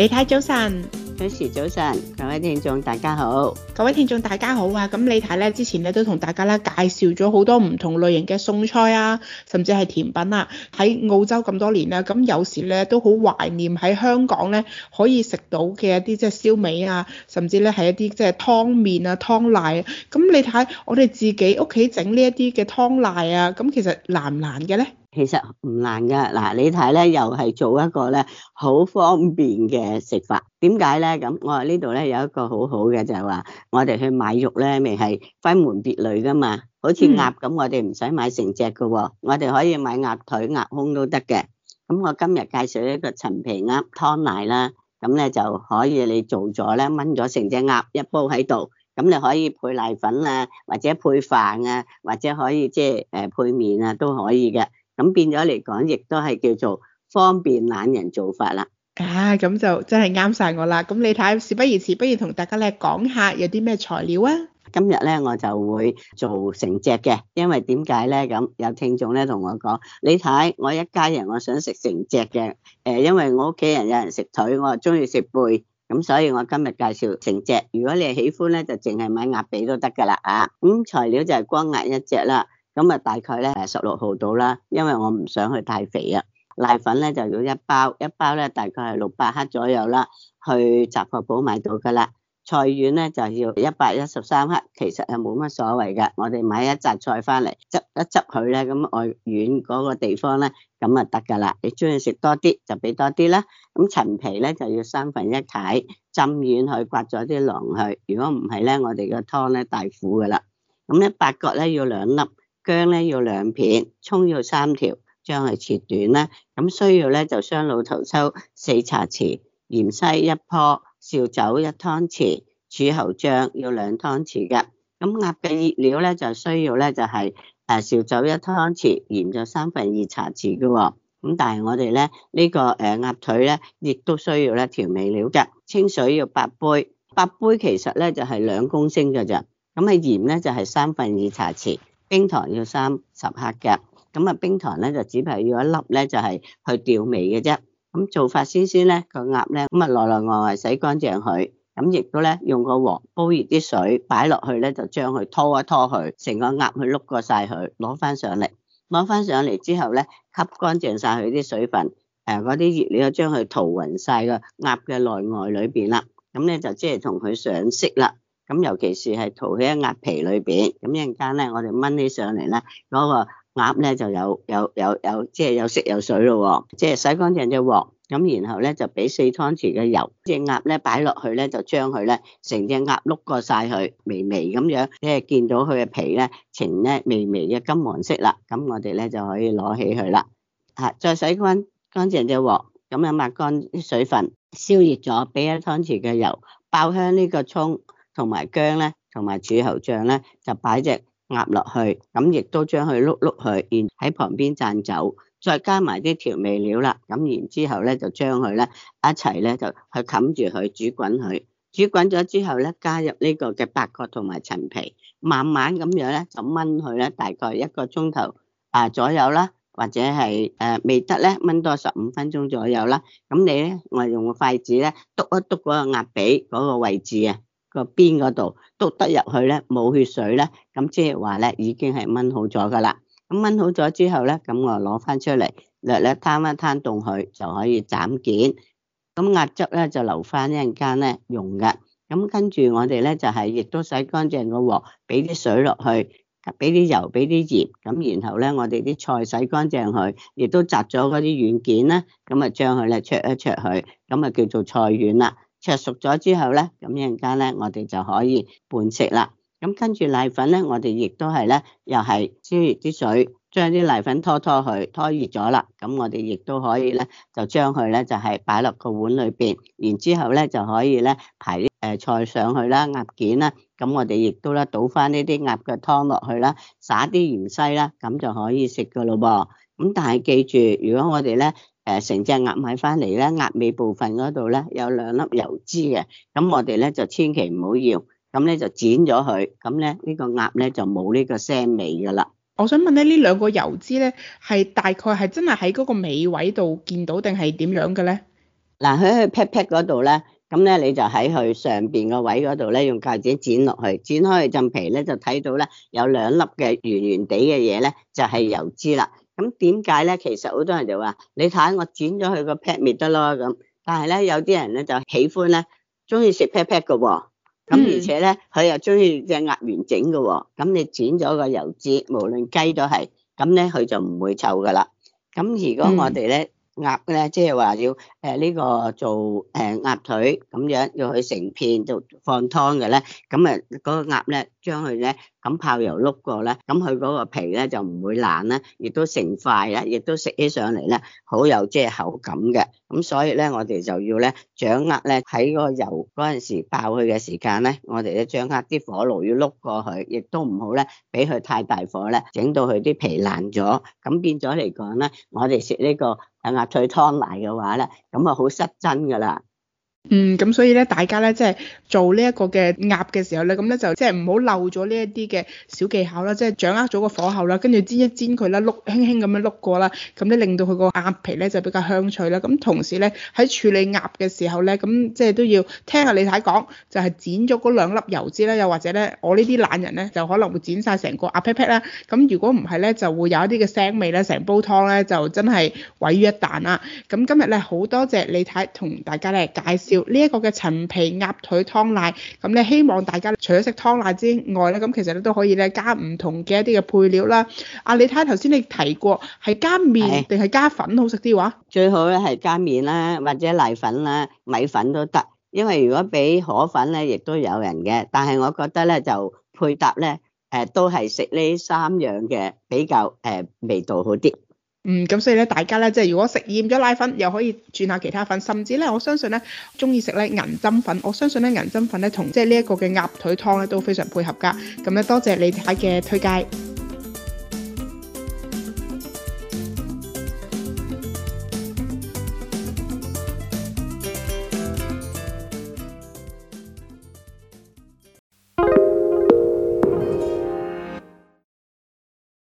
李太早晨，早晨早晨，各位聽眾大家好，各位聽眾大家好啊！咁李太咧之前咧都同大家啦介紹咗好多唔同類型嘅餸菜啊，甚至係甜品啊，喺澳洲咁多年啦，咁有時咧都好懷念喺香港咧可以食到嘅一啲即係燒味啊，甚至咧係一啲即係湯麵啊湯瀨啊。咁你睇我哋自己屋企整呢一啲嘅湯瀨啊，咁其實難唔難嘅咧？其實唔難噶，嗱，你睇咧，又係做一個咧好方便嘅食法。點解咧？咁我喺呢度咧有一個好好嘅，就係話我哋去買肉咧，咪係分門別類噶嘛。好似鴨咁，我哋唔使買成隻噶，我哋可以買鴨腿、鴨胸都得嘅。咁我今日介紹一個陳皮鴨湯瀨啦，咁咧就可以你做咗咧炆咗成隻鴨一煲喺度，咁你可以配瀨粉啊，或者配飯啊，或者可以即係誒配麵啊都可以嘅。咁變咗嚟講，亦都係叫做方便懶人做法啦。啊，咁就真係啱晒我啦。咁你睇，事不宜遲，不如同大家咧講下有啲咩材料啊？今日咧，我就會做成隻嘅，因為點解咧？咁有聽眾咧同我講，你睇我一家人，我想食成隻嘅。誒、呃，因為我屋企人有人食腿，我又中意食背，咁所以我今日介紹成隻。如果你係喜歡咧，就淨係買鴨髀都得㗎啦。啊，咁材料就係光鴨一隻啦。咁啊，大概咧誒十六號到啦，因為我唔想去太肥啊。奶粉咧就要一包，一包咧大概係六百克左右啦，去雜貨鋪買到噶啦。菜丸咧就要一百一十三克，其實係冇乜所謂㗎。我哋買一紮菜翻嚟，執一執佢咧，咁外丸嗰個地方咧，咁啊得㗎啦。你中意食多啲就俾多啲啦。咁陳皮咧就要三分一睇，浸軟去刮咗啲瓤去。如果唔係咧，我哋個湯咧大苦㗎啦。咁咧八角咧要兩粒。薑咧要兩片，蔥要三條，將係切短啦。咁需要咧就雙老頭抽四茶匙，鹽西一樖，紹酒一湯匙，柱侯醬要兩湯匙嘅。咁鴨嘅熱料咧就需要咧就係誒紹酒一湯匙，鹽就三分二茶匙嘅、哦。咁但係我哋咧呢、這個誒鴨腿咧亦都需要咧調味料嘅，清水要八杯，八杯其實咧就係、是、兩公升嘅咋。咁係鹽咧就係、是、三分二茶匙。冰糖要三十克嘅，咁啊冰糖咧就只係要一粒咧，就係、是、去調味嘅啫。咁做法先先咧，個鴨咧咁啊內內外外洗乾淨佢，咁亦都咧用個鑊煲熱啲水，擺落去咧就將佢拖一拖佢，成個鴨去碌過晒佢，攞翻上嚟，攞翻上嚟之後咧吸乾淨晒佢啲水分，誒嗰啲熱料將佢塗匀晒個鴨嘅內外裏邊啦，咁咧就即係同佢上色啦。咁尤其是係塗喺一鴨皮裏邊，咁一陣間咧，我哋燜起上嚟咧，嗰個鴨咧就有有有有，即係有，就是、有色有水咯喎、哦！即係洗乾淨隻鑊，咁然後咧就俾四湯匙嘅油，隻、那個、鴨咧擺落去咧，就將佢咧成隻鴨碌過晒佢，微微咁樣，即係見到佢嘅皮咧呈咧微微嘅金黃色啦，咁我哋咧就可以攞起佢啦。嚇，再洗乾乾淨隻鑊，咁樣抹乾啲水分，燒熱咗，俾一湯匙嘅油爆香呢個蔥。同埋薑咧，同埋柱侯醬咧，就擺隻鴨落去，咁亦都將佢碌碌去，然喺旁邊灒酒，再加埋啲調味料啦，咁然之後咧就將佢咧一齊咧就去冚住佢煮滾佢，煮滾咗之後咧加入呢個嘅八角同埋陳皮，慢慢咁樣咧就炆佢咧大概一個鐘頭啊左右啦，或者係誒未得咧炆多十五分鐘左右啦，咁你咧我用個筷子咧督一督嗰個鴨髀嗰個位置啊。個邊嗰度篤得入去咧，冇血水咧，咁即係話咧，已經係炆好咗噶啦。咁炆好咗之後咧，咁我攞翻出嚟，略略攤一攤凍佢，就可以斬件。咁壓汁咧就留翻一陣間咧用噶。咁跟住我哋咧就係亦都洗乾淨個鑊，俾啲水落去，俾啲油，俾啲鹽。咁然後咧我哋啲菜洗乾淨佢，亦都摘咗嗰啲軟件啦。咁啊將佢咧灼一灼佢，咁啊叫做菜遠啦。灼熟咗之後咧，咁一陣間咧，我哋就可以拌食啦。咁跟住奶粉咧，我哋亦都係咧，又係燒熱啲水，將啲奶粉拖拖去，拖熱咗啦。咁我哋亦都可以咧，就將佢咧，就係擺落個碗裏邊，然之後咧就可以咧，排啲菜上去啦，鴨件啦。咁我哋亦都咧，倒翻呢啲鴨腳湯落去啦，撒啲芫茜啦，咁就可以食噶咯噃。咁但係記住，如果我哋咧，誒，成隻鴨買翻嚟咧，鴨尾部分嗰度咧，有兩粒油脂嘅，咁我哋咧就千祈唔好要，咁咧就剪咗佢，咁咧呢個鴨咧就冇呢個腥味噶啦。我想問咧，呢兩個油脂咧係大概係真係喺嗰個尾位度見到，定係點樣嘅咧？嗱，喺佢劈劈嗰度咧，咁咧你就喺佢上邊個位嗰度咧，用筷子剪落去，剪開佢浸皮咧，就睇到咧有兩粒嘅圓圓地嘅嘢咧，就係油脂啦。咁點解咧？其實好多人就話，你睇我剪咗佢個 pet 滅得咯咁。但係咧，有啲人咧就喜歡咧，中意食 pet pet 嘅喎。咁而且咧，佢又中意隻鴨完整嘅喎。咁你剪咗個油脂，無論雞都係，咁咧佢就唔會臭噶啦。咁如果我哋咧，嗯鴨咧，即係話要誒，呢個做誒鴨腿咁樣，要去成片就放湯嘅咧。咁啊，嗰個鴨咧，將佢咧咁泡油碌過咧，咁佢嗰個皮咧就唔會爛啦，亦都成塊咧，亦都食起上嚟咧好有即係口感嘅。咁所以咧，我哋就要咧掌握咧喺嗰個油嗰陣時爆佢嘅時間咧，我哋咧掌握啲火爐要碌過去，亦都唔好咧俾佢太大火咧，整到佢啲皮爛咗。咁變咗嚟講咧，我哋食呢個。係鴨菜湯嚟嘅話咧，咁啊好失真㗎喇。嗯，咁所以咧，大家咧即係做呢一個嘅鴨嘅時候咧，咁咧就即係唔好漏咗呢一啲嘅小技巧啦，即係掌握咗個火候啦，跟住煎一煎佢啦，碌輕輕咁樣碌過啦，咁咧令到佢個鴨皮咧就比較香脆啦。咁同時咧喺處理鴨嘅時候咧，咁即係都要聽下李太講，就係剪咗嗰兩粒油脂啦，又或者咧我呢啲懶人咧就可能會剪晒成個鴨屁屁啦。咁如果唔係咧，就會有一啲嘅腥味咧，成煲湯咧就真係毀於一旦啦。咁今日咧好多謝李太同大家咧介紹。呢一個嘅陳皮鴨腿湯奶，咁咧希望大家除咗食湯奶之外咧，咁其實咧都可以咧加唔同嘅一啲嘅配料啦。啊，你睇下頭先你提過係加麵定係加粉好食啲喎？最好咧係加麵啦，或者瀨粉啦、米粉都得。因為如果俾河粉咧，亦都有人嘅，但係我覺得咧就配搭咧誒、呃、都係食呢三樣嘅比較誒、呃、味道好啲。嗯，咁所以咧，大家咧即係如果食厭咗拉粉，又可以轉下其他粉，甚至咧，我相信咧中意食咧銀針粉，我相信咧銀針粉咧同即係呢一個嘅鴨腿湯咧都非常配合噶。咁咧多謝你哋嘅推介。